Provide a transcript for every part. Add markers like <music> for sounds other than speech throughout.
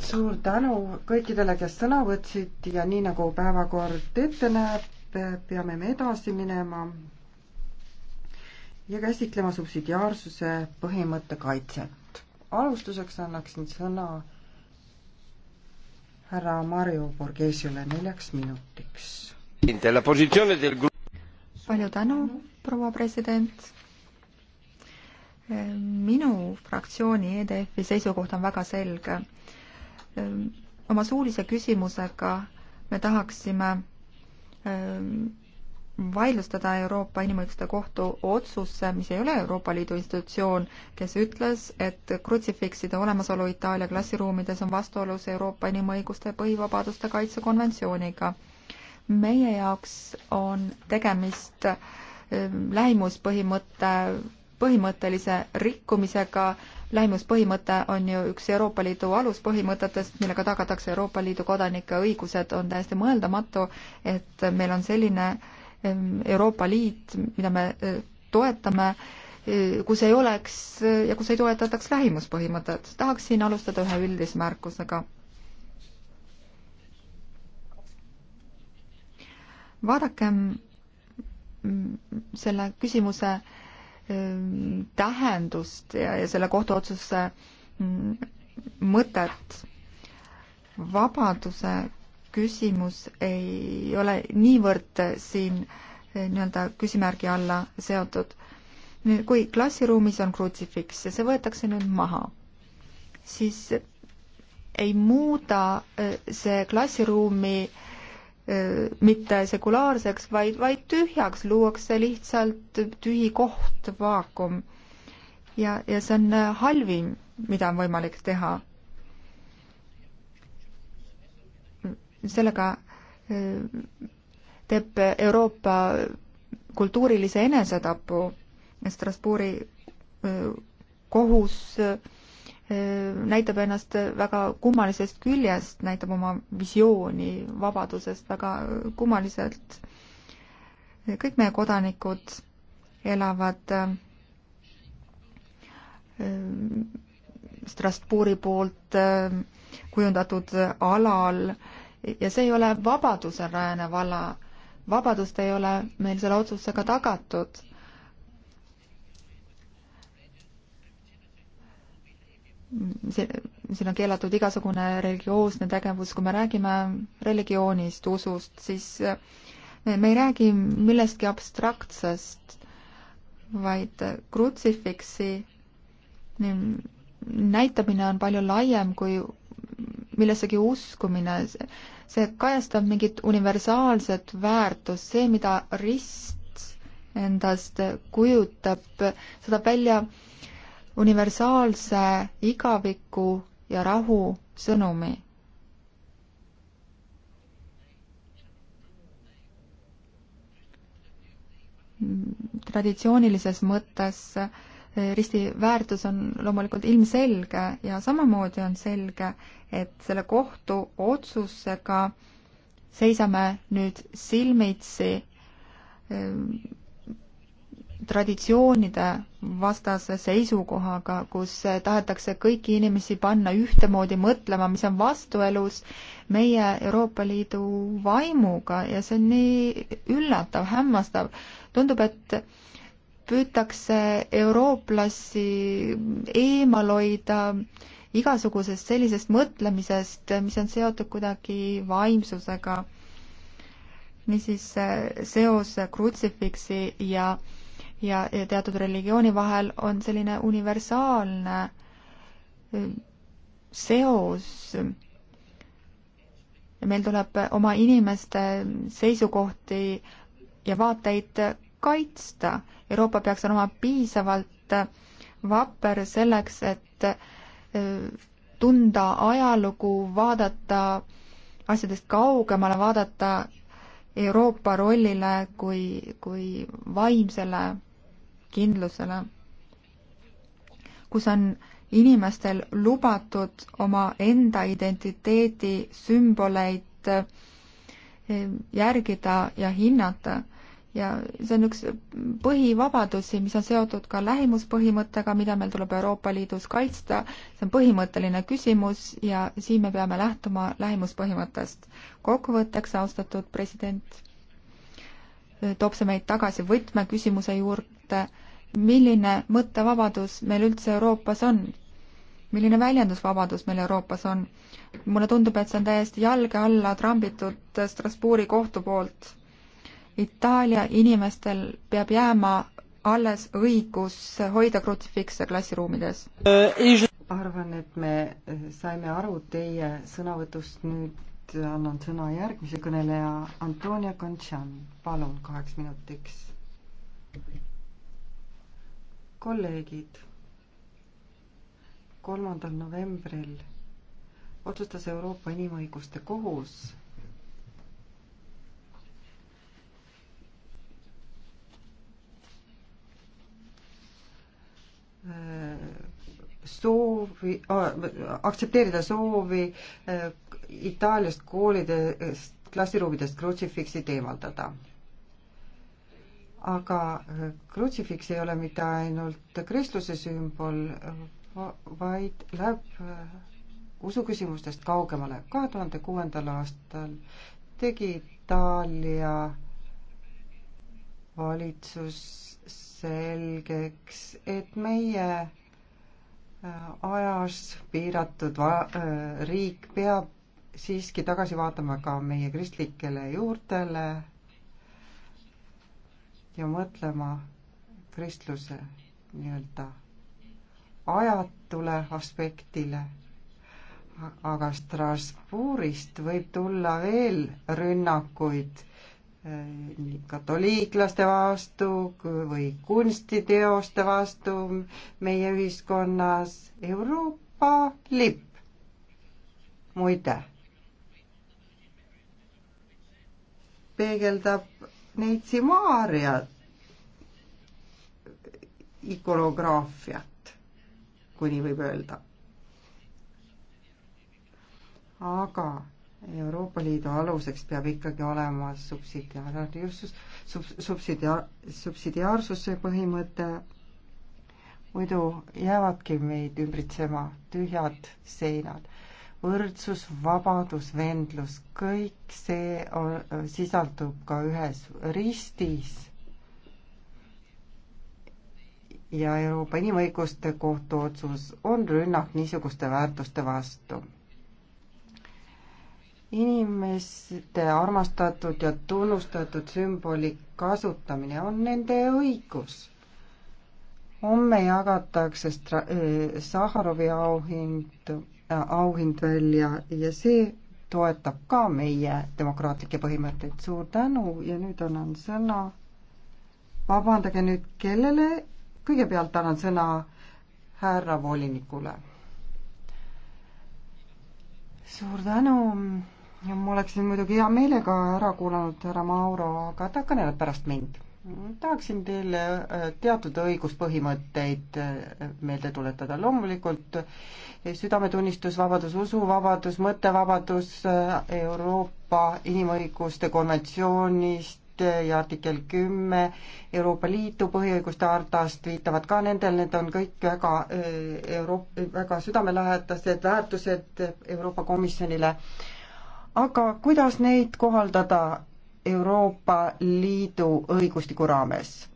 suur tänu kõikidele, kes sõna võtsid ja nii nagu päevakord ette näeb, peame me edasi minema ja käsitlema subsidiaarsuse põhimõtte kaitset. alustuseks annaksin sõna härra Mario Borghesiole neljaks minutiks. palju tänu, proua president minu fraktsiooni EDF-i seisukoht on väga selge. Ehm, oma suulise küsimusega me tahaksime ehm, vaidlustada Euroopa Inimõiguste Kohtu otsusse, mis ei ole Euroopa Liidu institutsioon, kes ütles, et krutsifikside olemasolu Itaalia klassiruumides on vastuolus Euroopa inimõiguste ja põhivabaduste kaitse konventsiooniga. meie jaoks on tegemist ehm, lähimuspõhimõtte põhimõttelise rikkumisega. lähimuspõhimõte on ju üks Euroopa Liidu aluspõhimõtetest, millega tagatakse Euroopa Liidu kodanike õigused, on täiesti mõeldamatu, et meil on selline ehm, Euroopa Liit, mida me e, toetame, e, kus ei oleks e, ja kus ei toetataks lähimuspõhimõtet. tahaksin alustada ühe üldise märkusega vaadakem selle küsimuse tähendust ja, ja selle kohtuotsuse mm, mõtet. vabaduse küsimus ei ole niivõrd siin eh, nii-öelda küsimärgi alla seotud. kui klassiruumis on krutsifiks ja see võetakse nüüd maha, siis ei muuda eh, see klassiruumi äh, mitte sekulaarseks, vaid, vaid tühjaks, luuakse lihtsalt tühi koht, vaakum. ja, ja see on äh, halvim, mida on võimalik teha. sellega äh, teeb Euroopa kultuurilise enesetapu Strasbourgi äh, kohus Äh, näitab ennast väga kummalisest küljest, näitab oma visiooni vabadusest väga kummaliselt. kõik meie kodanikud elavad äh, Strasbourgi poolt äh, kujundatud alal ja see ei ole vabadusel rajanev ala. vabadust ei ole meil selle otsusega tagatud siin on keelatud igasugune religioosne tegevus, kui me räägime religioonist, usust, siis äh, me ei räägi millestki abstraktsest, vaid äh, krutsifiksi näitamine on palju laiem kui millessegi uskumine. see kajastab mingit universaalset väärtust, see, mida rist endast kujutab, seda välja äh, universaalse igaviku ja rahu sõnumi. traditsioonilises mõttes eh, risti väärtus on loomulikult ilmselge ja samamoodi on selge, et selle kohtu otsusega seisame nüüd silmitsi eh, traditsioonide vastase seisukohaga, kus tahetakse kõiki inimesi panna ühtemoodi mõtlema, mis on vastuelus meie Euroopa Liidu vaimuga ja see on nii üllatav, hämmastav. tundub, et püütakse eurooplasi eemal hoida igasugusest sellisest mõtlemisest, mis on seotud kuidagi vaimsusega niisiis seos krutsifiksi ja ja, ja teatud religiooni vahel on selline universaalne seos. meil tuleb oma inimeste seisukohti ja vaateid kaitsta. Euroopa peaks olema piisavalt vapper selleks, et tunda ajalugu, vaadata asjadest kaugemale, vaadata Euroopa rollile kui, kui vaimsele kindlusele, kus on inimestel lubatud oma enda identiteedi sümboleid eh, järgida ja hinnata. ja see on üks põhivabadusi, mis on seotud ka lähimuspõhimõttega, mida meil tuleb Euroopa Liidus kaitsta. see on põhimõtteline küsimus ja siin me peame lähtuma lähimuspõhimõttest. kokkuvõtteks, austatud president, eh, toob see meid tagasi võtmeküsimuse juurde, kohta, milline mõttevabadus meil üldse Euroopas on, milline väljendusvabadus meil Euroopas on. mulle tundub, et see on täiesti jalge alla trambitud Strasbourgi kohtu poolt. Itaalia inimestel peab jääma alles õigus hoida krutsifikse klassiruumides. arvan, et me saime aru teie sõnavõtust nüüd annan sõna järgmise kõneleja Antonia Kontšan, palun kaheks minutiks kolleegid, kolmandal novembril otsustas Euroopa Inimõiguste Kohus soovi äh,, aktsepteerida soovi äh, Itaaliast koolidest, klassiruumidest krutsifiksi eemaldada aga äh, krutsifiks ei ole mitte ainult kristluse sümbol, vaid läheb äh, usuküsimustest kaugemale. kahe tuhande kuuendal aastal tegi Itaalia valitsus selgeks, et meie äh, ajas piiratud va-, riik peab siiski tagasi vaatama ka meie kristlikele juurtele ja mõtlema kristluse nii-öelda ajatule aspektile. aga Strasbourgist võib tulla veel rünnakuid eh, nii katoliiklaste vastu või kunstiteoste vastu meie ühiskonnas Euroopa lipp. muide, peegeldab Neitsi Maaria ikonograafiat, kui nii võib öelda. aga Euroopa Liidu aluseks peab ikkagi olema subsidiaarsus, sub-, subsidiaar-, subsidiaarsuse põhimõte, muidu jäävadki meid ümbritsema tühjad seinad võrdsus, vabadus, vendlus, kõik see on, sisaldub ka ühes ristis. ja Euroopa Inimõiguste Kohtu otsus on rünnak niisuguste väärtuste vastu. inimeste armastatud ja tunnustatud sümboli kasutamine on nende õigus homme jagatakse eh, Sahharovi auhind auhind välja ja see toetab ka meie demokraatlikke põhimõtteid. suur tänu ja nüüd annan sõna, vabandage nüüd, kellele, kõigepealt annan sõna härra volinikule. suur tänu ja ma oleksin muidugi hea meelega ära kuulanud härra Mauro, aga ta kõneleb pärast mind. tahaksin teile äh, teatud õiguspõhimõtteid äh, meelde tuletada. loomulikult südametunnistus, vabadus, usuvabadus, mõttevabadus äh, Euroopa inimõiguste konventsioonist äh, ja artikkel kümme Euroopa Liitu põhiõiguste hartast viitavad ka nendel, need on kõik väga äh, Euroop-, väga südamelähedased väärtused Euroopa Komisjonile. aga kuidas neid kohaldada Euroopa Liidu õigustiku raames?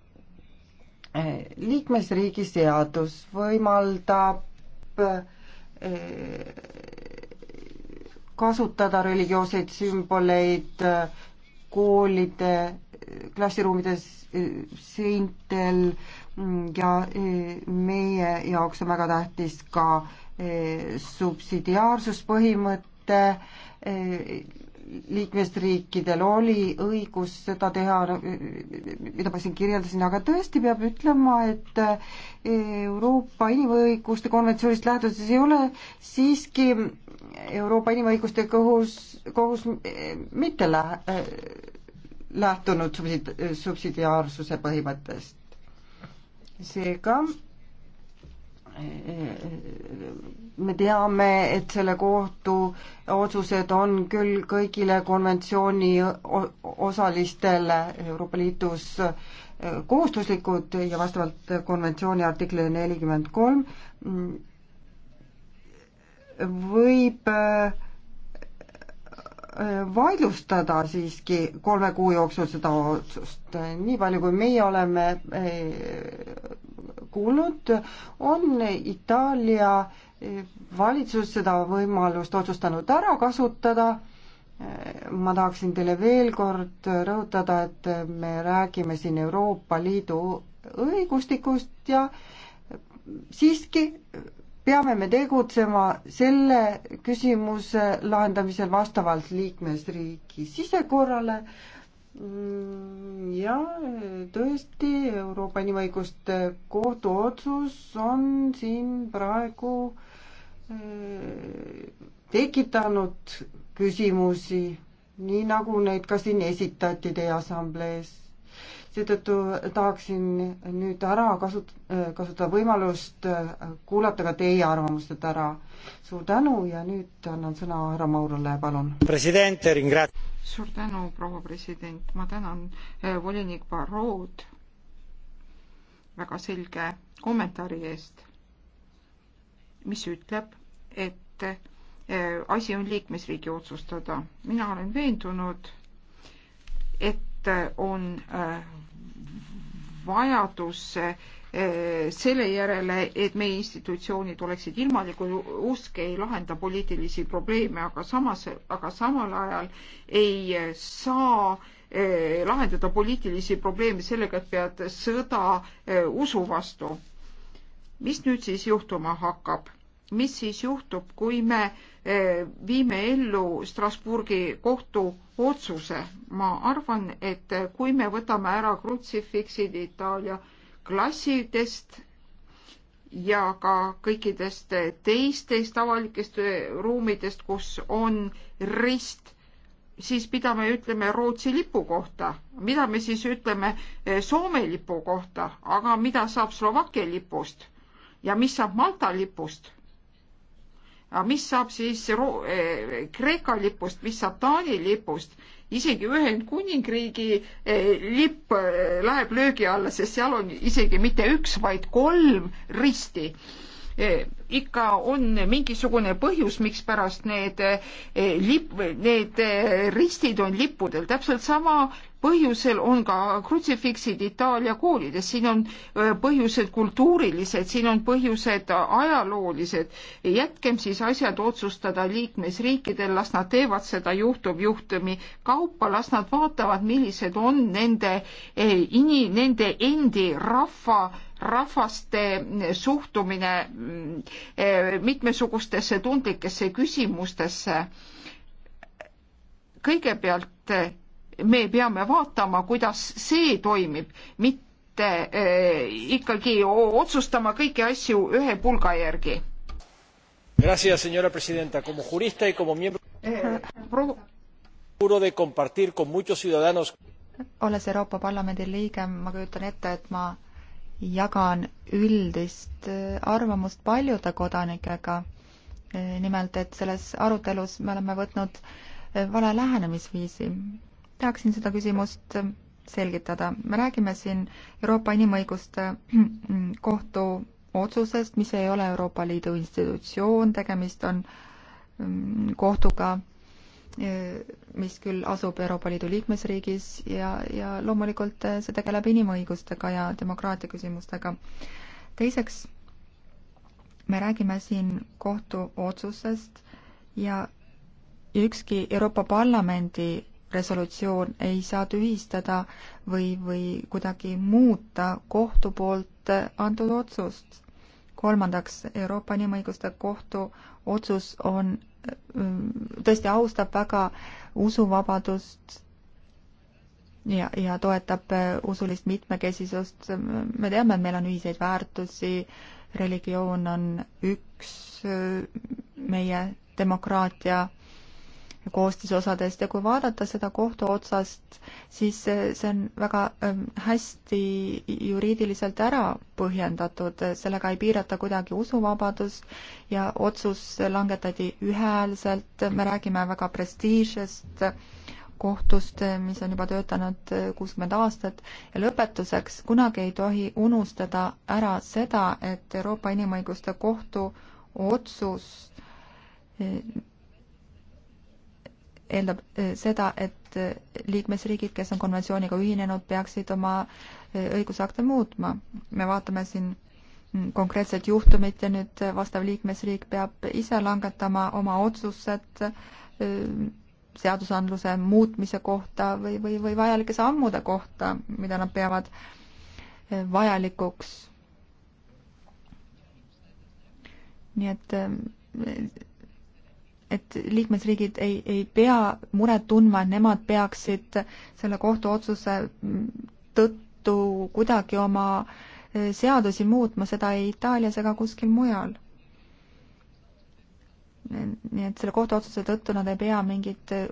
liikmesriigi seadus võimaldab äh, kasutada religioosseid sümboleid äh, koolide klassiruumides äh, seintel mm, ja äh, meie jaoks on väga tähtis ka subsidiaarsuspõhimõte liikmesriikidel oli õigus seda teha, mida ma siin kirjeldasin, aga tõesti peab ütlema, et e, Euroopa Inimõiguste konventsioonist lähtudes ei ole siiski Euroopa Inimõiguste kohus, kohus e, mitte lä-, e, lähtunud subsid-, subsidiaarsuse põhimõttest. seega me teame, et selle kohtu otsused on küll kõigile konventsiooni osalistele Euroopa Liidus äh, kohustuslikud ja vastavalt konventsiooni artiklile nelikümmend kolm mm, võib äh, Äh, vaidlustada siiski kolme kuu jooksul seda otsust. nii palju, kui meie oleme äh, kuulnud, on Itaalia äh, valitsus seda võimalust otsustanud ära kasutada. ma tahaksin teile veel kord rõhutada, et me räägime siin Euroopa Liidu õigustikust ja siiski peame me tegutsema selle küsimuse lahendamisel vastavalt liikmesriigi sisekorrale mm, ja eh, tõesti, Euroopa Inimõiguste Kohtu otsus on siin praegu eh, tekitanud küsimusi, nii nagu neid ka siin esitati Teie Assamblees seetõttu tahaksin nüüd ära kasut-, kasutada võimalust äh, kuulata ka teie arvamust, et ära. suur tänu ja nüüd annan sõna härra Maurule, palun. suur tänu, proua president, ma tänan äh, volinik Barrod väga selge kommentaari eest, mis ütleb, et äh, asi on liikmesriigi otsustada. mina olen veendunud, et Eh, on eh, vajadus eh, selle järele, et meie institutsioonid oleksid ilmalikud, usk ei lahenda poliitilisi probleeme, aga samas, aga samal ajal ei saa lahendada poliitilisi probleeme sellega, et pead sõda usu vastu. mis nüüd siis juhtuma hakkab? mis siis juhtub, kui me eh, viime ellu Strasburgi kohtu otsuse. ma arvan, et eh, kui me võtame ära krutsifiksid Itaalia klassidest ja ka kõikidest eh, teistest avalikest ruumidest, kus on rist, siis mida me ütleme Rootsi lipu kohta, mida me siis ütleme Soome lipu kohta, aga mida saab Slovakkia lipust ja mis saab Malta lipust aga mis saab siis Ro eh, Kreeka lipust, mis saab Taani lipust, isegi Ühendkuningriigi eh, lipp eh, läheb löögi alla, sest seal on isegi mitte üks, vaid kolm risti Eh, ikka on mingisugune põhjus, mikspärast need eh, lipp, need eh, ristid on lippudel, täpselt sama põhjusel on ka krutsifiksid Itaalia koolides, siin on põhjused kultuurilised, siin on põhjused ajaloolised. jätkem siis asjad otsustada liikmesriikidel, las nad teevad seda juhtum-juhtumi kaupa, las nad vaatavad, millised on nende, nende endi rahva rahvaste suhtumine eh, mitmesugustesse tundlikesse küsimustesse. kõigepealt eh, me peame vaatama, kuidas see toimib, mitte eh, ikkagi otsustama kõiki asju ühe pulga järgi. Gracias, señora presidenta. Como jurista y como miembro seguro de compartir con muchos ciudadanos. olles Euroopa Parlamendi liige, ma kujutan ette, et ma jagan üldist äh, arvamust paljude kodanikega. Äh, nimelt, et selles arutelus me oleme võtnud äh, vale lähenemisviisi. tahaksin seda küsimust selgitada. me räägime siin Euroopa Inimõiguste Kohtu otsusest, mis ei ole Euroopa Liidu institutsioon, tegemist on kohtuga, mis küll asub Euroopa Liidu liikmesriigis ja, ja loomulikult äh, see tegeleb inimõigustega ja demokraatia küsimustega. teiseks, me räägime siin kohtuotsusest ja ükski Euroopa Parlamendi resolutsioon ei saa tühistada või, või kuidagi muuta kohtu poolt äh, antud otsust. kolmandaks, Euroopa Inimõiguste Kohtu otsus on Mm, tõesti austab väga usuvabadust ja, ja toetab äh, usulist mitmekesisust. me teame, et meil on ühiseid väärtusi, religioon on üks äh, meie demokraatia koostisosadest ja kui vaadata seda kohtu otsast, siis see on väga ähm, hästi juriidiliselt ära põhjendatud, sellega ei piirata kuidagi usuvabadust ja otsus langetati ühehäälselt, me räägime väga prestiižsest kohtust, mis on juba töötanud kuuskümmend aastat ja lõpetuseks, kunagi ei tohi unustada ära seda, et Euroopa Inimõiguste Kohtu otsus eeldab eh, seda, et eh, liikmesriigid, kes on konventsiooniga ühinenud, peaksid oma eh, õigusakte muutma. me vaatame siin mm, konkreetset juhtumit ja nüüd vastav liikmesriik peab ise langetama oma otsused seadusandluse muutmise kohta või, või, või vajalike sammude kohta, mida nad peavad vajalikuks. nii et et liikmesriigid ei, ei pea muret tundma, et nemad peaksid selle kohtuotsuse tõttu kuidagi oma eh, seadusi muutma, seda ei Itaalias ega kuskil mujal. nii et selle kohtuotsuse tõttu nad ei pea mingit eh,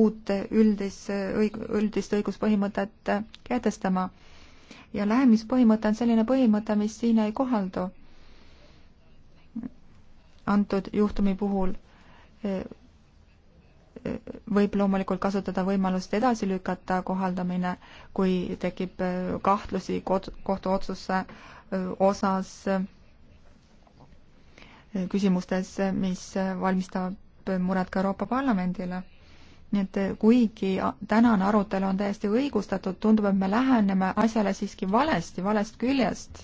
uut eh, üldis, õig-, üldist õiguspõhimõtet kehtestama. ja lähemispõhimõte on selline põhimõte, mis siin ei kohaldu antud juhtumi puhul võib loomulikult kasutada võimalust edasi lükata kohaldamine, kui tekib äh, kahtlusi kohtuotsuse äh, osas äh, küsimustes, mis valmistab muret ka Euroopa Parlamendile. nii et kuigi tänane arutelu on täiesti õigustatud, tundub, et me läheneme asjale siiski valesti, valest küljest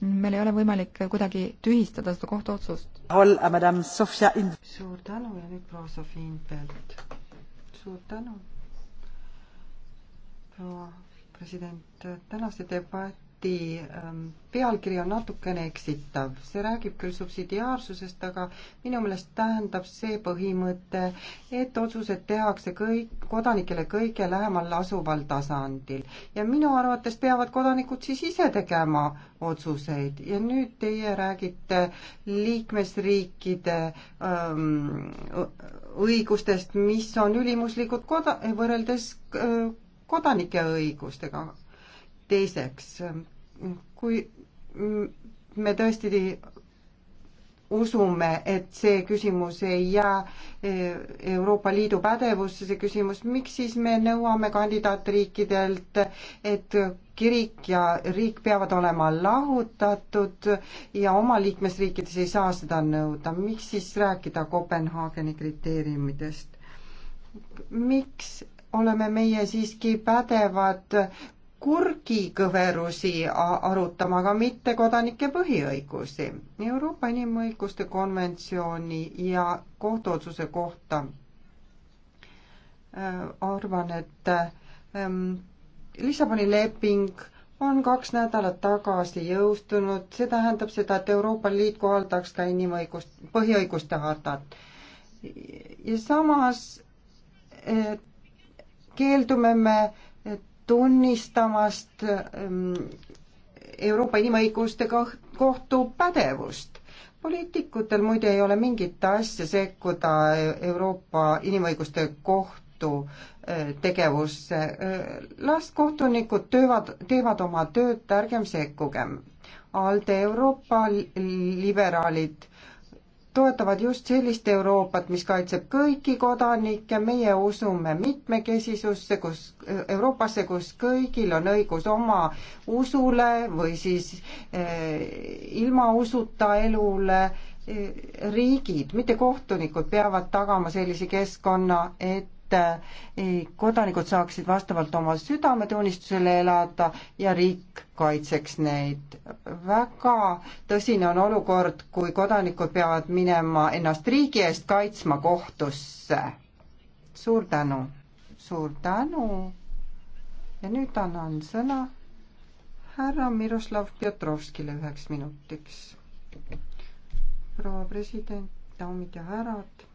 meil ei ole võimalik kuidagi tühistada seda kohtuotsust. Äh, suur tänu ja nüüd proua Sofi Infeld. suur tänu, proua president, tänase debati raporti ähm, pealkiri on natukene eksitav, see räägib küll subsidiaarsusest, aga minu meelest tähendab see põhimõte, et otsused tehakse kõik, kodanikele kõige lähemal asuval tasandil. ja minu arvates peavad kodanikud siis ise tegema otsuseid ja nüüd teie räägite liikmesriikide öö, ähm, õigustest, mis on ülimuslikud koda-, võrreldes öö, äh, kodanike õigustega, teiseks, kui me tõesti usume, et see küsimus ei jää e, Euroopa Liidu pädevusse, see küsimus, miks siis me nõuame kandidaatriikidelt, et kirik ja riik peavad olema lahutatud ja oma liikmesriikides ei saa seda nõuda, miks siis rääkida Kopenhaageni kriteeriumidest? miks oleme meie siiski pädevad kurgikõverusi arutama, aga mitte kodanike põhiõigusi. Euroopa Inimõiguste konventsiooni ja kohtuotsuse kohta äh, arvan, et ähm, Lissaboni leping on kaks nädalat tagasi jõustunud, see tähendab seda, et Euroopa Liit kohaldaks ka inimõigust, põhiõiguste hartat. ja samas äh, keeldume me tunnistamast ähm, Euroopa Inimõiguste Kohtu pädevust. poliitikutel muide ei ole mingit asja sekkuda e-, Euroopa Inimõiguste Kohtu äh, tegevusse. Äh, las kohtunikud töövad, teevad oma tööd, ärgem sekkugem. ALDE Euroopa liberaalid toetavad just sellist Euroopat, mis kaitseb kõiki kodanikke, meie usume mitmekesisusse, kus, Euroopasse, kus kõigil on õigus oma usule või siis eh, ilma usuta elule eh,. riigid, mitte kohtunikud, peavad tagama sellise keskkonna, et eh, kodanikud saaksid vastavalt oma südametunnistusele elada ja riik kaitseks neid. väga tõsine on olukord, kui kodanikud peavad minema ennast riigi eest kaitsma kohtusse. suur tänu, suur tänu. ja nüüd annan sõna härra Miroslav Pjotrovskile üheks minutiks. proua president, daamid ja härrad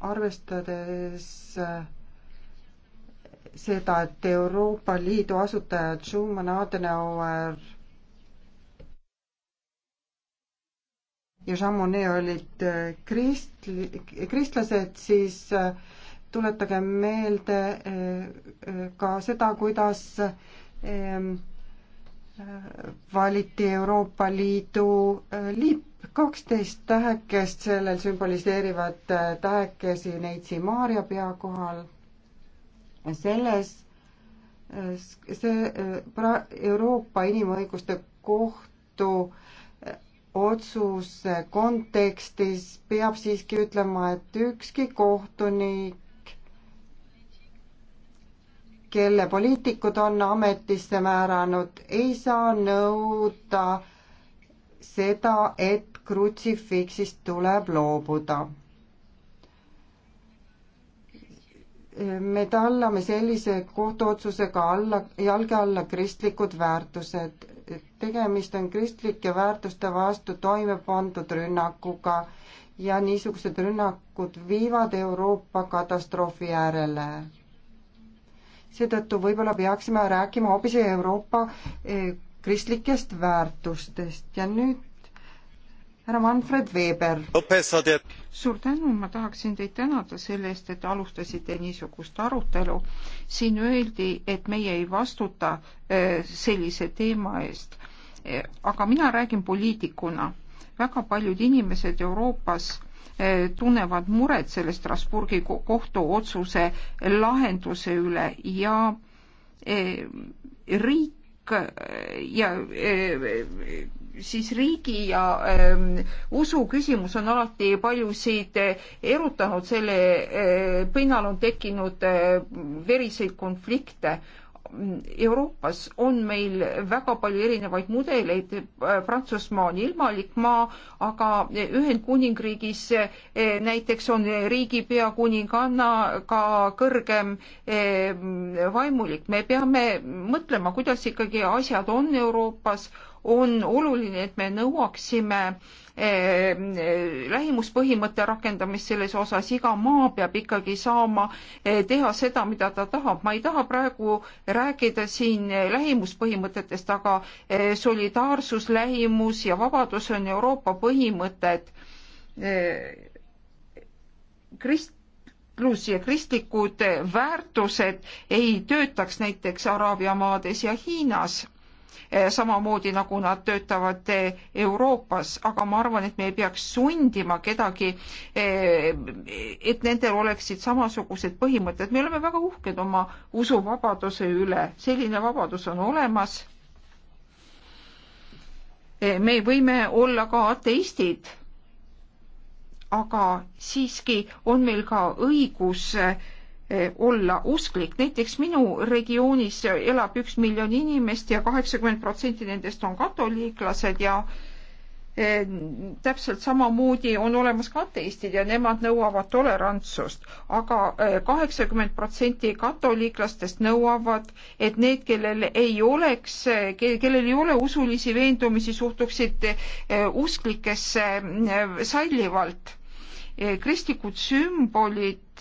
arvestades seda, et Euroopa Liidu asutajad Schumann, Adenauer ja Jean Monnet olid äh, kristli, kristlased, siis äh, tuletage meelde äh, ka seda, kuidas ähm, valiti Euroopa Liidu lipp, kaksteist tähekest, sellel sümboliseerivad tähekesi neitsi Maarja pea kohal selles, see pra-, Euroopa Inimõiguste Kohtu otsuse kontekstis peab siiski ütlema, et ükski kohtunik, kelle poliitikud on ametisse määranud, ei saa nõuda seda, et krutsifiksist tuleb loobuda me tallame sellise kohtuotsusega alla, jalge alla kristlikud väärtused. tegemist on kristlike väärtuste vastu toime pandud rünnakuga ja niisugused rünnakud viivad Euroopa katastroofi äärele. seetõttu võib-olla peaksime rääkima hoopis Euroopa eh, kristlikest väärtustest ja nüüd härra Manfred Weber. suur tänu, ma tahaksin teid tänada selle eest, et alustasite niisugust arutelu. siin öeldi, et meie ei vastuta äh, sellise teema eest. Äh, aga mina räägin poliitikuna. väga paljud inimesed Euroopas äh, tunnevad muret selle Strasburgi kohtuotsuse lahenduse üle ja riik ja siis riigi ja ähm, usu küsimus on alati paljusid äh, erutanud, selle äh, pinnal on tekkinud äh, veriseid konflikte Euroopas on meil väga palju erinevaid mudeleid, Prantsusmaa on ilmalik maa, aga Ühendkuningriigis äh, näiteks on riigipea kuningannaga kõrgem äh, vaimulik. me peame mõtlema, kuidas ikkagi asjad on Euroopas, on oluline, et me nõuaksime eh, lähimuspõhimõtte rakendamist selles osas, iga maa peab ikkagi saama eh, teha seda, mida ta tahab. ma ei taha praegu rääkida siin lähimuspõhimõtetest, aga eh, solidaarsus, lähimus ja vabadus on Euroopa põhimõtted. kristlus ja kristlikud väärtused ei töötaks näiteks Araabia maades ja Hiinas Eh, samamoodi nagu nad töötavad eh, Euroopas, aga ma arvan, et me ei peaks sundima kedagi, eh, et nendel oleksid samasugused põhimõtted. me oleme väga uhked oma usuvabaduse üle, selline vabadus on olemas. me võime olla ka ateistid, aga siiski on meil ka õigus Eh, olla usklik. näiteks minu regioonis elab üks miljon inimest ja kaheksakümmend protsenti nendest on katoliiklased ja eh, täpselt samamoodi on olemas ka ateistid ja nemad nõuavad tolerantsust aga, aga eh, kaheksakümmend protsenti katoliiklastest nõuavad, et need, kellel ei oleks, kellel ei ole usulisi veendumusi, suhtuksid usklikesse sallivalt. kristlikud sümbolid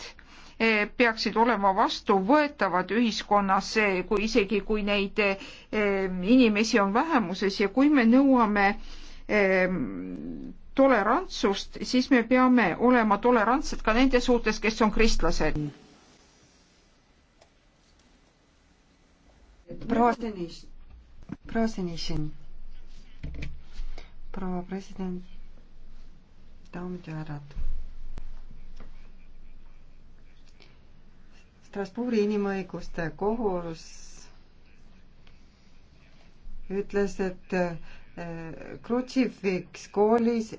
E, peaksid olema vastuvõetavad ühiskonnas, e, kui isegi, kui neid e, inimesi on vähemuses ja kui me nõuame tolerantsust, siis me peame olema tolerantsed ka nende suhtes, kes on kristlased. proua president, daamid ja härrad Strasbourgi inimõiguste kohus ütles, et eh, krutsifiks koolis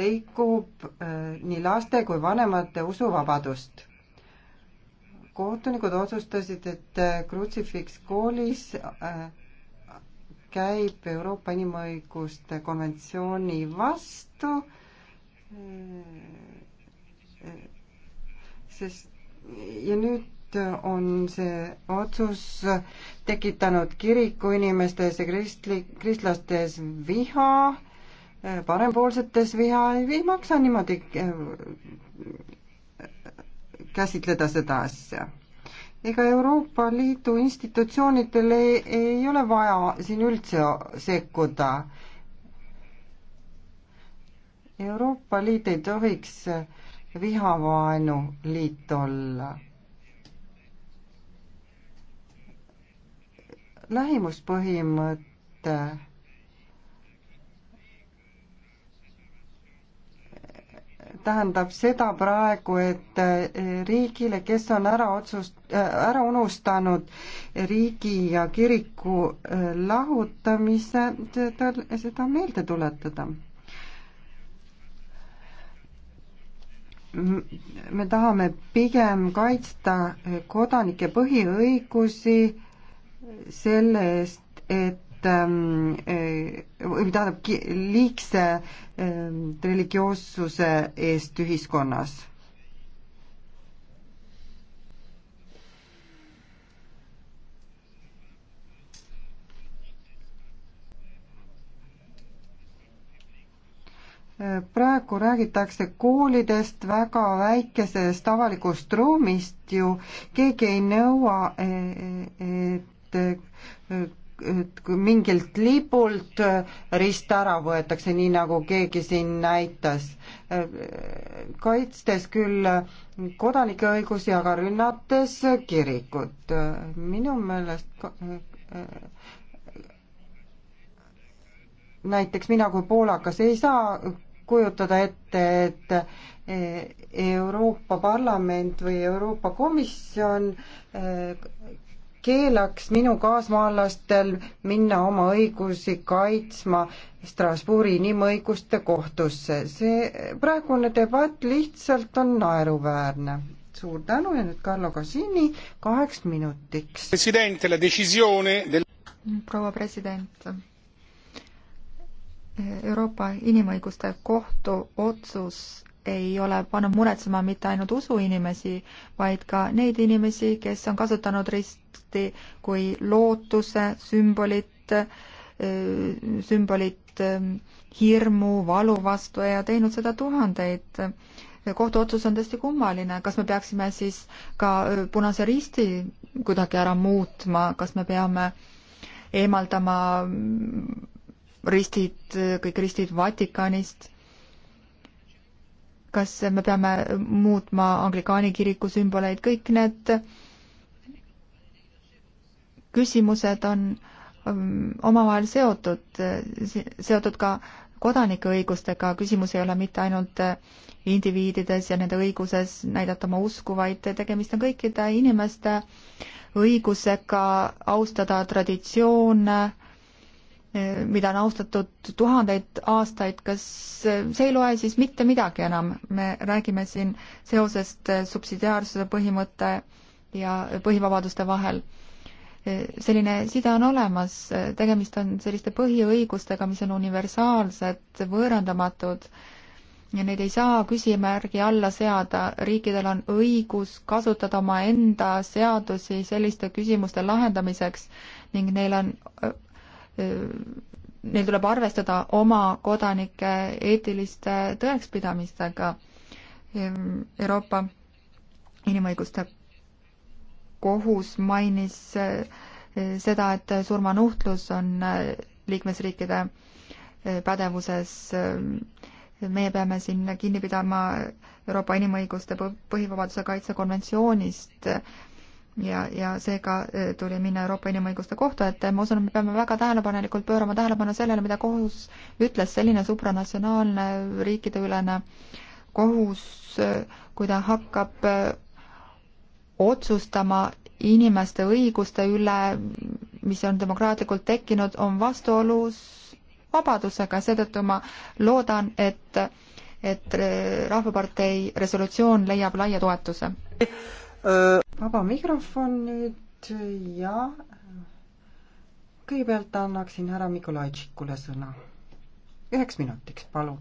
rikub eh, nii laste kui vanemate usuvabadust. kohtunikud otsustasid, et eh, krutsifiks koolis käib Euroopa Inimõiguste konventsiooni vastu, sest ja nüüd on see otsus tekitanud kirikuinimestes ja kristli, kristlastes viha, parempoolsetes viha, ei maksa niimoodi äh, käsitleda seda asja. ega Euroopa Liidu institutsioonidel ei, ei ole vaja siin üldse sekkuda. Euroopa Liit ei tohiks vihavaenu liit olla lähimuspõhimõte tähendab seda praegu, et riigile, kes on ära otsust-, ära unustanud riigi ja kiriku lahutamise, tal seda meelde tuletada. me tahame pigem kaitsta kodanike põhiõigusi selle eest, et ähm, eh, või tähendab, liigse ähm, religioossuse eest ühiskonnas praegu räägitakse koolidest, väga väikesest avalikust ruumist ju, keegi ei nõua, eh, eh, et mingilt lipult rist ära võetakse, nii nagu keegi siin näitas. kaitstes küll kodanike õigusi, aga rünnates kirikut. minu meelest näiteks mina kui poolakas ei saa kujutada ette, et Euroopa Parlament või Euroopa Komisjon keelaks minu kaasmaalastel minna oma õigusi kaitsma Strasbourgi inimõiguste kohtusse. see praegune debatt lihtsalt on naeruväärne. suur tänu ja nüüd Carlo Casini kaheks minutiks. Del... proua president, Euroopa Inimõiguste Kohtu otsus ei ole pannud muretsema mitte ainult usuinimesi, vaid ka neid inimesi, kes on kasutanud risti kui lootuse sümbolit, sümbolit hirmu, valu vastu ja teinud seda tuhandeid. kohtuotsus on tõesti kummaline, kas me peaksime siis ka Punase Risti kuidagi ära muutma, kas me peame eemaldama mm, ristid, kõik ristid Vatikanist kas me peame muutma anglikaani kiriku sümboleid, kõik need küsimused on um, omavahel seotud, seotud ka kodanike õigustega, küsimus ei ole mitte ainult indiviidides ja nende õiguses näidata oma usku, vaid tegemist on kõikide inimeste õigusega austada traditsioone, mida on austatud tuhandeid aastaid, kas see ei loe siis mitte midagi enam? me räägime siin seosest subsidiaarsuse põhimõtte ja põhivabaduste vahel. selline side on olemas, tegemist on selliste põhiõigustega, mis on universaalsed, võõrandamatud ja neid ei saa küsimärgi alla seada, riikidel on õigus kasutada omaenda seadusi selliste küsimuste lahendamiseks ning neil on neil tuleb arvestada oma kodanike eetiliste tõekspidamistega ehm, Euroopa Inimõiguste Kohus mainis eh, seda, et surmanuhtlus on eh, liikmesriikide eh, pädevuses. Ehm, meie peame siin kinni pidama Euroopa Inimõiguste Põhivabaduse Kaitse konventsioonist ja, ja seega e, tuli minna Euroopa Inimõiguste Kohtu ette, ma usun, et me peame väga tähelepanelikult pöörama tähelepanu sellele, mida kohus ütles, selline supranatsionaalne riikideülene kohus, e, kui ta hakkab e, otsustama inimeste õiguste üle, mis on demokraatlikult tekkinud, on vastuolus vabadusega, seetõttu ma loodan, et, et Rahvapartei resolutsioon leiab laia toetuse. Äh, vaba mikrofon nüüd ja kõigepealt annaksin härra Mikolajtšikule sõna. üheks minutiks, palun.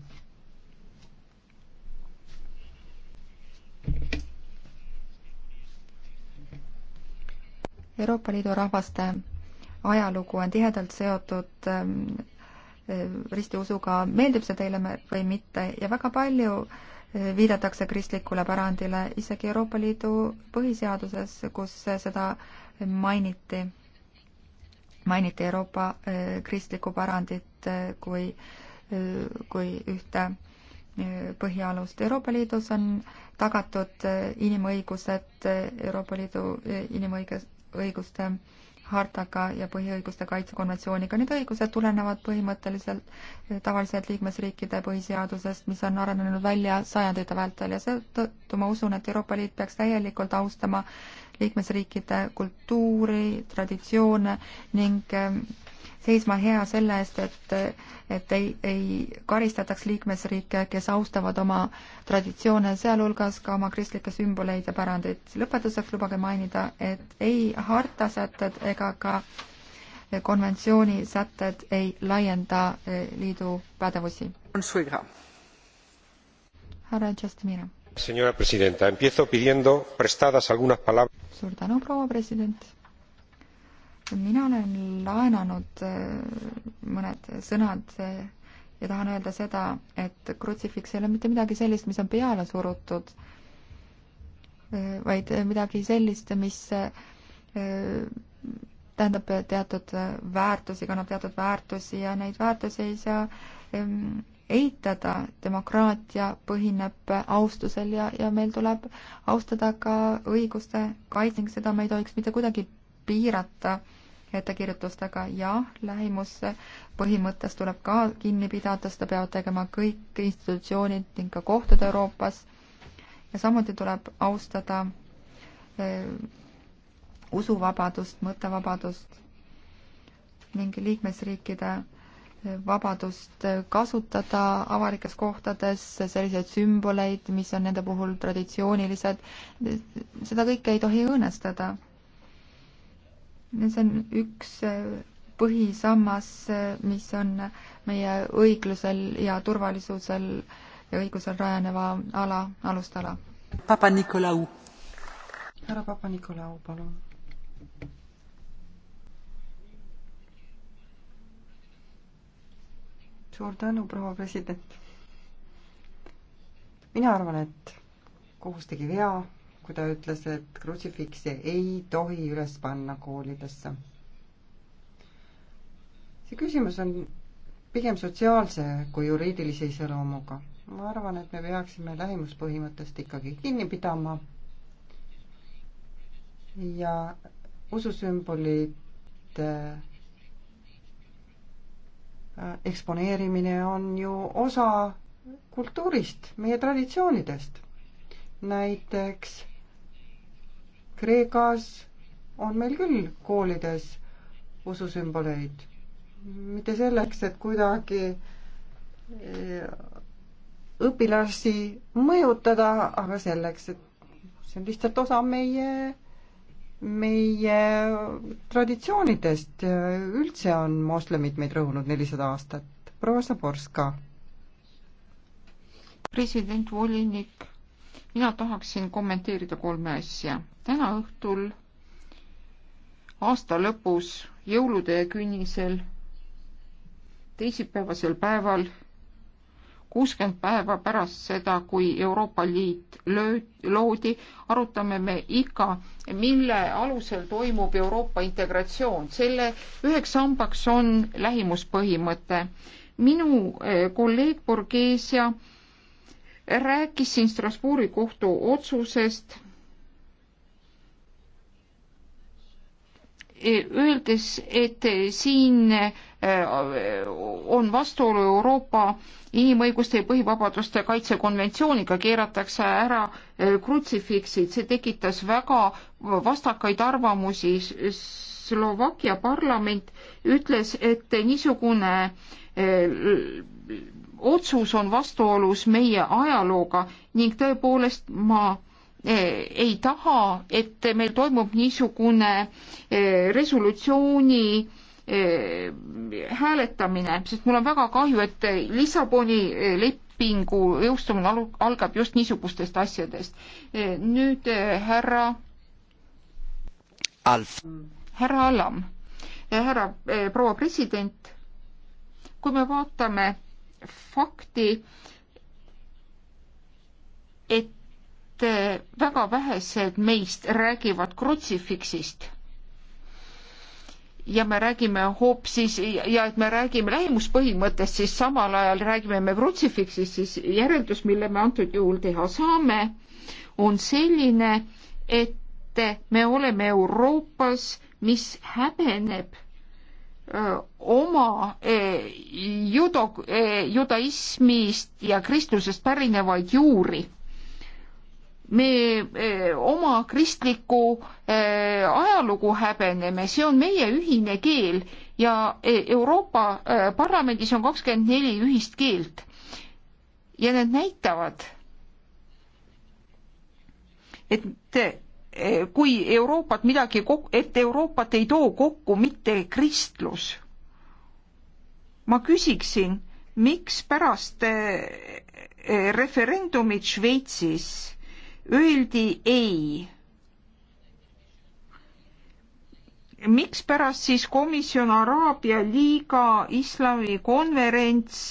Euroopa Liidu rahvaste ajalugu on tihedalt seotud ähm, ristiusuga, meeldib see teile või mitte, ja väga palju äh, viidatakse kristlikule pärandile isegi Euroopa Liidu põhiseaduses, kus seda mainiti, mainiti Euroopa eh, kristlikku pärandit eh, kui, eh, kui ühte põhialust. Euroopa Liidus on tagatud inimõigused, Euroopa Liidu inimõigus, õiguste hartaga ja põhiõiguste kaitsekonventsiooniga. Need õigused tulenevad põhimõtteliselt eh, tavaliselt liikmesriikide põhiseadusest, mis on arenenud välja sajandite vältel ja seetõttu ma usun, et Euroopa Liit peaks täielikult austama liikmesriikide kultuuri, traditsioone ning eh, seisma hea selle eest, et, et ei, ei karistataks liikmesriike, kes austavad oma traditsioone, sealhulgas ka oma kristlikke sümboleid ja pärandeid. lõpetuseks lubage mainida, et ei harta sätted ega ka konventsiooni sätted ei laienda eh, liidu pädevusi. härra Justimina. Señora presidenta, empiezo pidiendo prestadas algunas palabras. suur tänu, proua president mina olen laenanud äh, mõned sõnad äh, ja tahan öelda seda, et krutsifiks ei ole mitte midagi sellist, mis on peale surutud, äh, vaid midagi sellist, mis tähendab teatud väärtusi, kannab teatud väärtusi ja neid väärtusi ei saa ähm, eitada. demokraatia põhineb austusel ja, ja meil tuleb austada ka õiguste kaitsing, seda me ei tohiks mitte kuidagi piirata ettekirjutustega ja lähimusse põhimõttest tuleb ka kinni pidada, seda peavad tegema kõik institutsioonid ning ka kohtud Euroopas. ja samuti tuleb austada eh, usuvabadust, mõttevabadust ning liikmesriikide eh, vabadust eh, kasutada avalikes kohtades selliseid sümboleid, mis on nende puhul traditsioonilised, seda kõike ei tohi õõnestada see on üks äh, põhisammas, äh, mis on meie õiglusel ja turvalisusel ja õigusel rajaneva ala, alustala. Papa-Nikolau. härra Papa-Nikolau, palun. suur tänu, proua president. mina arvan, et kohus tegi vea kui ta ütles, et krutsifikse ei tohi üles panna koolidesse. see küsimus on pigem sotsiaalse kui juriidilise iseloomuga. ma arvan, et me peaksime lähimuspõhimõttest ikkagi kinni pidama ja ususümbolite äh, eksponeerimine on ju osa kultuurist, meie traditsioonidest. näiteks Kreekas on meil küll koolides ususümboleid, mitte selleks, et kuidagi eh, õpilasi mõjutada, aga selleks, et see on lihtsalt osa meie, meie traditsioonidest. üldse on moslemid meid rõhunud nelisada aastat. proua Saborska. president, volinik mina tahaksin kommenteerida kolme asja. täna õhtul, aasta lõpus, jõulude künnisel, teisipäevasel päeval, kuuskümmend päeva pärast seda, kui Euroopa Liit lööd, loodi, arutame me ikka, mille alusel toimub Euroopa integratsioon. selle üheks sambaks on lähimuspõhimõte. minu eh, kolleeg Borgesia äh, rääkis siin Strasbourgi kohtu otsusest, öeldes, et siin äh, on vastuolu Euroopa inimõiguste ja põhivabaduste kaitsekonventsiooniga, keeratakse ära äh, krutsifiksid, see tekitas väga vastakaid arvamusi. Slovakkia parlament ütles, et niisugune äh, otsus on vastuolus meie ajalooga ning tõepoolest ma eh, ei taha, et meil toimub niisugune eh, resolutsiooni eh, hääletamine, sest mul on väga kahju, et Lissaboni lepingu jõustumine algab just niisugustest asjadest. nüüd härra Alf. härra Allam, härra proua president, kui me vaatame fakti, et väga vähesed meist räägivad krutsifiksist ja me räägime hoopis ja et me räägime lähimuspõhimõttest, siis samal ajal räägime me krutsifiksist, siis järeldus, mille me antud juhul teha saame, on selline, et me oleme Euroopas, mis häbeneb oma judo, judaismist ja kristlusest pärinevaid juuri me eh, oma kristlikku eh, ajalugu häbeneme, see on meie ühine keel ja eh, Euroopa eh, Parlamendis on kakskümmend neli ühist keelt. ja need näitavad, et Eh, kui Euroopat midagi, et Euroopat ei too kokku mitte kristlus. ma küsiksin, mikspärast eh, eh, referendumit Šveitsis öeldi ei mikspärast siis komisjon Araabia liiga islamikonverents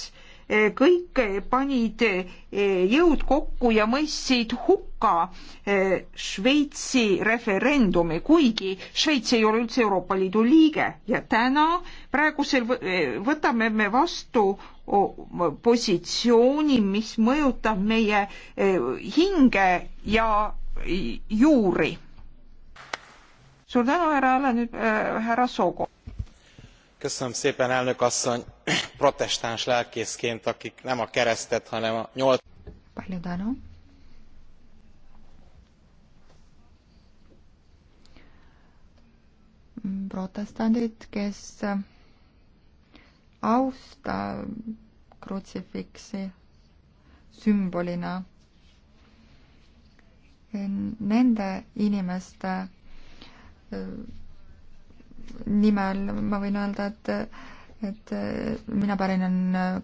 kõik panid eh, jõud kokku ja mõistsid hukka eh, Šveitsi referendumi, kuigi Šveits ei ole üldse Euroopa Liidu liige ja täna praegusel eh, võtame me vastu positsiooni, mis mõjutab meie hinge ja juuri. suur tänu, härra Alan, härra Sogo. <clears throat> protestáns lelkészként akik nem a keresztet hanem a nyolc. protestandid kes eh, austa krutsifiksi sümbolina nende inimeste eh, nimel ma võin öelda, et, et mina pärinen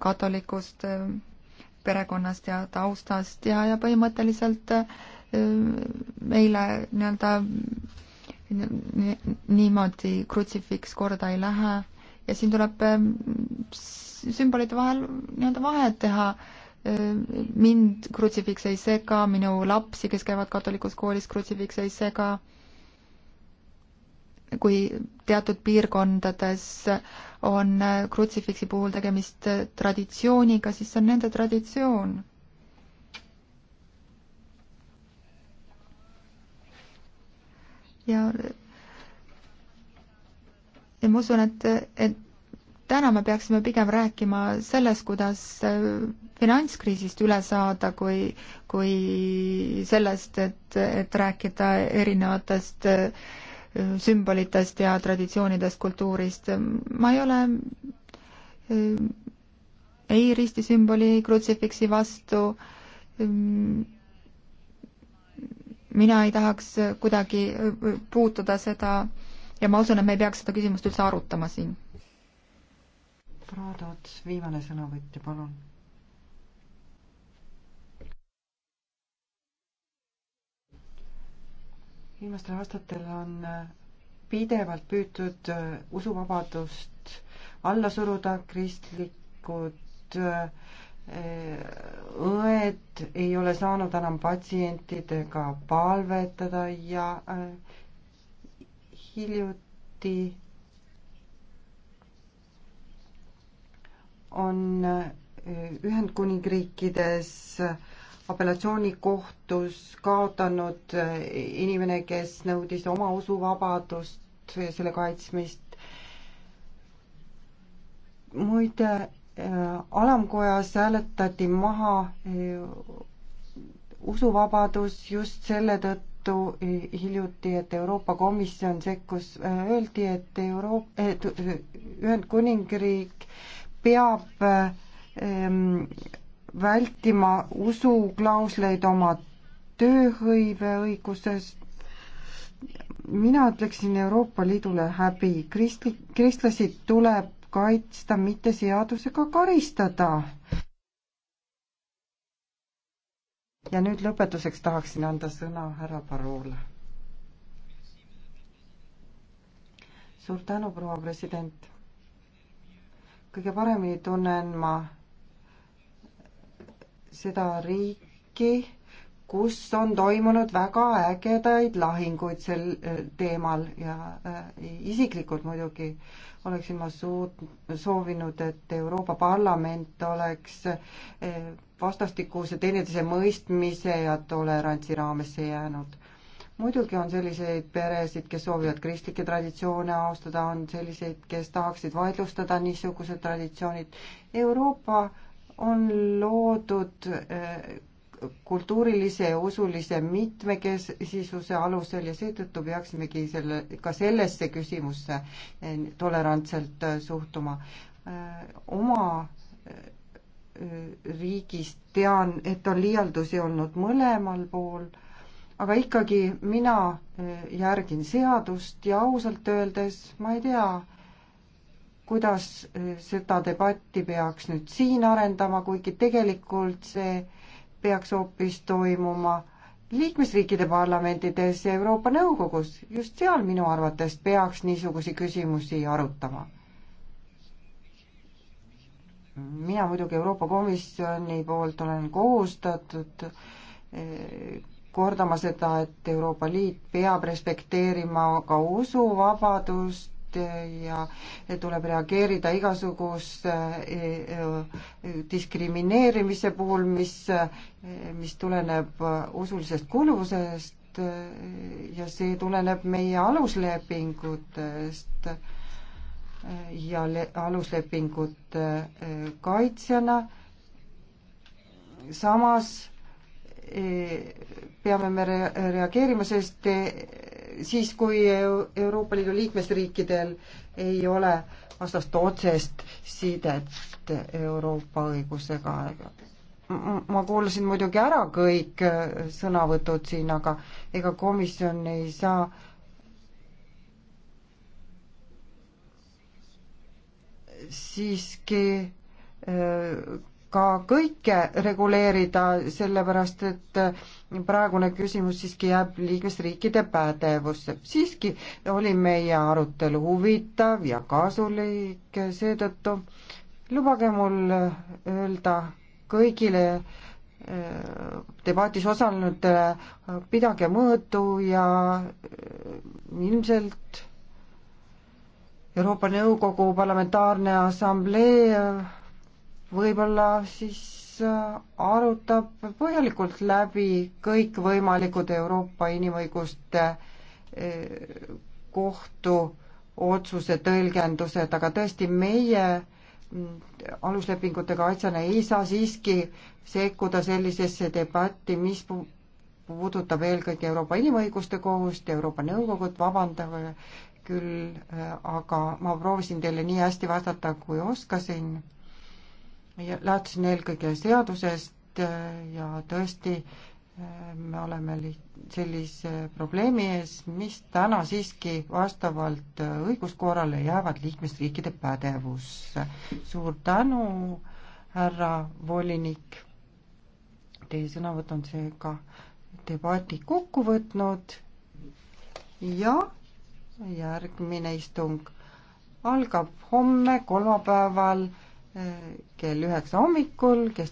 katolikust äh, perekonnast ja taustast ja, ja põhimõtteliselt äh, meile nii-öelda niimoodi krutsifiks korda ei lähe ja siin tuleb äh, sümbolite vahel nii-öelda vahet teha. mind krutsifiks ei sega, minu lapsi, kes käivad katolikus koolis, krutsifiks ei sega kui teatud piirkondades on krutsifiksi puhul tegemist traditsiooniga, siis see on nende traditsioon ja, ja ma usun, et, et täna me peaksime pigem rääkima sellest, kuidas finantskriisist üle saada, kui, kui sellest, et, et rääkida erinevatest äh, sümbolitest ja traditsioonidest, kultuurist. ma ei ole eh, ei ristisümboli, krutsifiksi vastu. mina ei tahaks kuidagi eh, puutuda seda ja ma usun, et me ei peaks seda küsimust üldse arutama siin. Praadots, viimane sõnavõtja, palun viimastel aastatel on äh, pidevalt püütud äh, usuvabadust alla suruda, kristlikud äh, õed ei ole saanud enam patsientidega palvetada ja hiljuti on Ühendkuningriikides äh, apellatsioonikohtus kaotanud inimene, kes nõudis oma usuvabadust ja selle kaitsmist. muide, äh, alamkojas hääletati maha äh, usuvabadus just selle tõttu äh, hiljuti, et Euroopa Komisjon sekkus, öeldi, et Euroop-, et Ühendkuningriik peab ähm, vältima usuklausleid oma tööhõiveõiguses. mina ütleksin Euroopa Liidule häbi, kristli, kristlasi tuleb kaitsta, mitte seadusega karistada. ja nüüd lõpetuseks tahaksin anda sõna härra Paroole. suur tänu, proua president. kõige paremini tunnen ma seda riiki, kus on toimunud väga ägedaid lahinguid sel eh, teemal ja eh, isiklikult muidugi oleksin ma suut-, soovinud, et Euroopa Parlament oleks eh, vastastikuse teineteise mõistmise ja tolerantsi raamesse jäänud. muidugi on selliseid peresid, kes soovivad kristlikke traditsioone austada, on selliseid, kes tahaksid vaidlustada niisugused traditsioonid. Euroopa on loodud äh, kultuurilise ja usulise mitmekesisuse alusel ja seetõttu peaksimegi selle, ka sellesse küsimusse äh, tolerantselt äh, suhtuma. oma riigis tean, et on liialdusi olnud mõlemal pool, aga ikkagi mina järgin seadust ja ausalt öeldes ma ei tea, kuidas äh, seda debatti peaks nüüd siin arendama, kuigi tegelikult see peaks hoopis toimuma liikmesriikide parlamentides ja Euroopa Nõukogus, just seal minu arvates peaks niisugusi küsimusi arutama. mina muidugi Euroopa Komisjoni poolt olen kohustatud äh, kordama seda, et Euroopa Liit peab respekteerima ka usuvabadust, Äh, ja tuleb reageerida igasuguse äh, äh, diskrimineerimise puhul, mis, mis tuleneb usulisest kuuluvusest ja see tuleneb meie aluslepingutest ja aluslepingute kaitsjana. samas peame me reageerima, sest siis, kui Euroopa Liidu liikmesriikidel ei ole vastast otsest sidet Euroopa õigusega. ma kuulasin muidugi ära kõik äh, sõnavõtud siin, aga ega komisjon ei saa siiski äh, ka kõike reguleerida, sellepärast et äh, praegune küsimus siiski jääb liikmesriikide pädevusse. siiski oli meie arutelu huvitav ja kasulik, seetõttu lubage mul öelda kõigile äh, debatis osalenutele, pidage mõõtu ja äh, ilmselt Euroopa Nõukogu Parlamentaarne Assamblee võib-olla siis äh, arutab põhjalikult läbi kõikvõimalikud Euroopa Inimõiguste äh, kohtu otsuse tõlgendused, aga tõesti, meie mm, aluslepingutega asjana ei saa siiski sekkuda sellisesse debatti, mis puudutab eelkõige Euroopa Inimõiguste Kohust ja Euroopa Nõukogut, vabandage küll, äh, aga ma proovisin teile nii hästi vastata, kui oskasin lähtusin eelkõige seadusest äh, ja tõesti äh, me oleme sellise probleemi ees, mis täna siiski vastavalt äh, õiguskorrale jäävad liikmesriikide pädevusse. suur tänu, härra volinik. Teie sõnavõtt on seega debati kokku võtnud ja järgmine istung algab homme kolmapäeval kell üheksa hommikul, kes